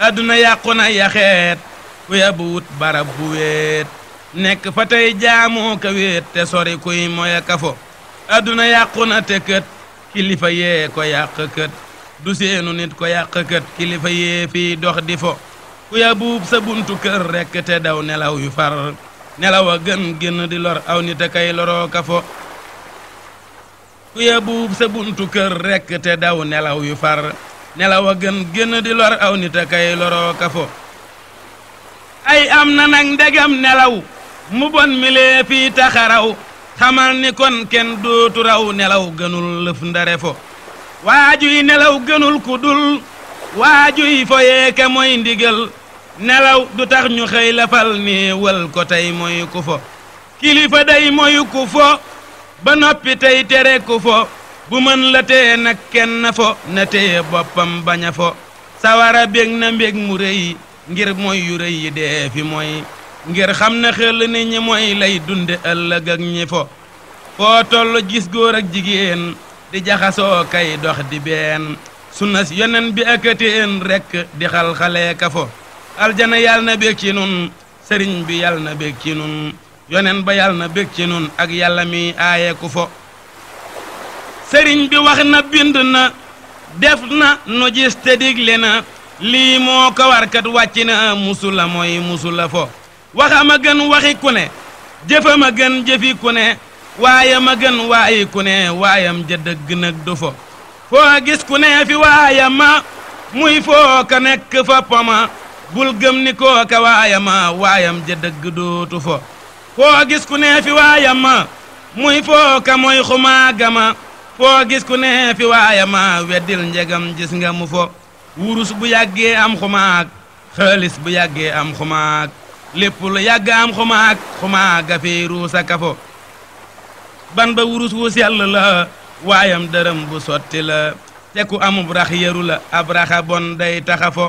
àdduna yàqu na yaxeet ku yabu wut barab bu weet nekk fa tey jaamoo ka weet te sori kuy moya kafo àdduna yàqu na te kët kilifa yee ko yàq kët du seenu nit ko yàq kët kilifa yee fii dox di fo ku yabuub sa kër rekk te daw nelaw yu far nelaw a gën di lor aw nit a kay loroo ku yabuub sa buntu kër rekk te daw nelaw yu far nelaw a gën génn di lor aw nit a kay loroo kafo ay am na nag ndegam nelaw mu bon milee fii taxaraw xamal ni kon kenn dootu nelaw gënul lëf ndare fo waajuy nelaw gënul ku dul waajuy foyee ka mooy ndigal nelaw du tax ñu xëy lafal ni wël ko tey mooy ku fo kilifa day mooy ku fo ba noppi tey tere ku fo bu mën la tee nag kenn fo na teye boppam bañ fo sawara bég na mbég mu rëy ngir mooy yu rëy yi dee fi mooy ngir xam na xel ni ñi mooy lay dunde ëllëg ak ñi fo foo toll gis góor ak jigéen di jaxasoo kay dox di been sunas yonen bi akateen rekk di xalxalee fo aljana yàlla na bég sëriñ bi yàlla na bég yonen ba yàlla na bég ci nun ak mi aaye fo sëriñ bi wax na bind na def na nu gis te digle na lii moo ko warkat wàcc na musula mooy musula fo waxama gën waxi ku ne jëfama gën jëfi ku ne waayama gën waayi ku ne waayam ja dëgg nag du fo foo gis ku ne fi waayama muy foo ka nekk fa poma bul gëm ni koo ka waayama waayam ja dëgg dootu fo foo gis ku ne fi waayama muy foo ka mooy xumaagama foo gis ku ne fi waaya weddil njegam gis nga mu fo wurus bu yàggee am xumaag xaalis bu yàggee am xumaag lépp lu yàgg am xumaag xumaag a fi ruus ban ba wurus wu sell la waayam dërëm bu sotti la te ku amub rax yëru ab raxa bon day taxa fo